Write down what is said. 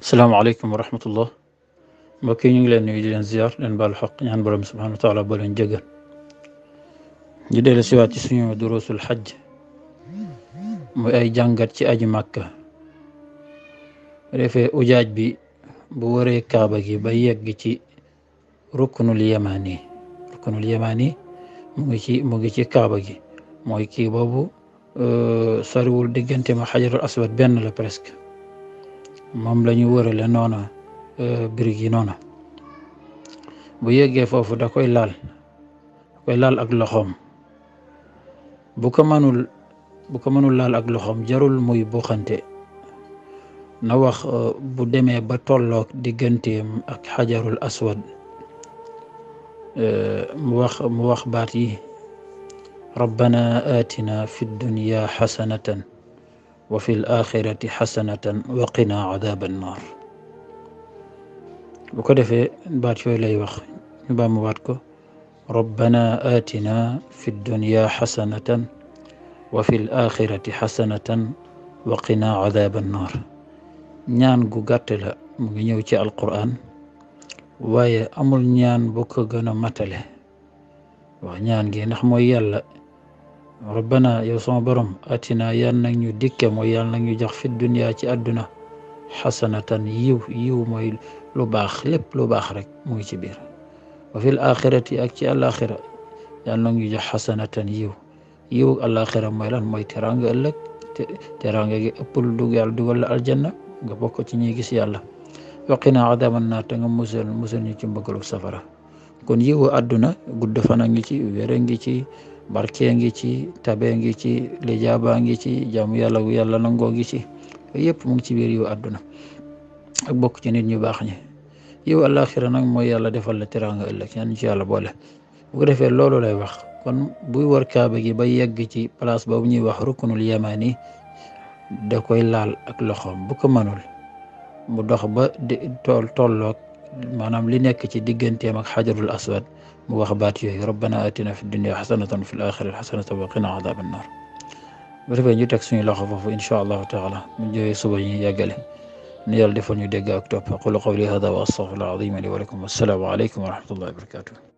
السلام عليكم ورحمة الله مكين لأن يجلن زيار لأن بالحق يعني برم سبحانه وتعالى بولن جغل جدي لسوا تسوين دروس الحج مؤي جانغر تي أجي مكة رفي أجاج بي بوري كابا جي بيك جي ركن اليماني ركن اليماني موغي تي موغي تي كابا جي موغي كي بابو أه سارول ديجنتي ما حجر الأسود بيننا لبرسك moom la ñu wërale noona birig yi noona bu yeggee foofu da koy laal da koy laal ak loxoom bu ko mënul bu ko mënul laal ak loxoom jarul muy buuxante na wax bu demee ba tolloog digganteem ak xajarul aswad mu wax mu wax baat yi rabbana atina fi dunya xasanatan وفي الآخرة حسنة وقنا عذاب النار بكو دفي بعد شوي لا يوخ ربنا آتنا في الدنيا حسنة وفي الآخرة حسنة وقنا عذاب النار نيان جو غاتلا مغي نيو القرآن واي امول نيان بوكو غنا ماتالي وا نيان جي نخ rabbana yow sama borom atina yal nag ñu dikke mooy yal nag ñu jox fi dunya ci àdduna xasanatan yiw yiw mooy lu baax lépp lu baax rek mu ngi ci biir wa fil axirati ak ci àllaaxira yal nag ñu jox xasanatan yiw yiw àllaaxira mooy lan mooy teraanga ëllëg teraanga gi ëpp lu dugg yàlla dugal la aljanna nga bokko ci ñuy gis yàlla waqina adaban naa te nga musal musal ñu ci mbëggalug safara kon yiwu àdduna gudd fan a ngi ci ci barke ngi ci tabe ngi ci lijaaba ngi ci jaamu yàlla gu yàlla nangoo ngi ci yëpp mu ngi ci biir yiw àdduna ak bokk ci nit ñu baax ñi yiw àllaaxira nag mooy yàlla defal la teraanga ëllëg yan yàlla boole bu ko defee loolu lay wax kon buy war kaaba gi ba yegg ci place boobu ñuy wax rukkunul yamani da koy laal ak loxoom bu ko mënul mu maanaam li nekk ci digganteem ak xajarul aswad mu wax baat yooyu rabbana atina fi dunia xasanatan fi l axirati xasanatan wa qina adaba annar bu defee ñu teg suñu loxo foofu incha allahu taala mu jógee suba ñu yàggale ni yàlla defal ñu dégg ak topp aqulu qawli hada wa astaghfirullah alazim li wa lakum wassalaamu aleykum wa rahmatullahi wa barakatuh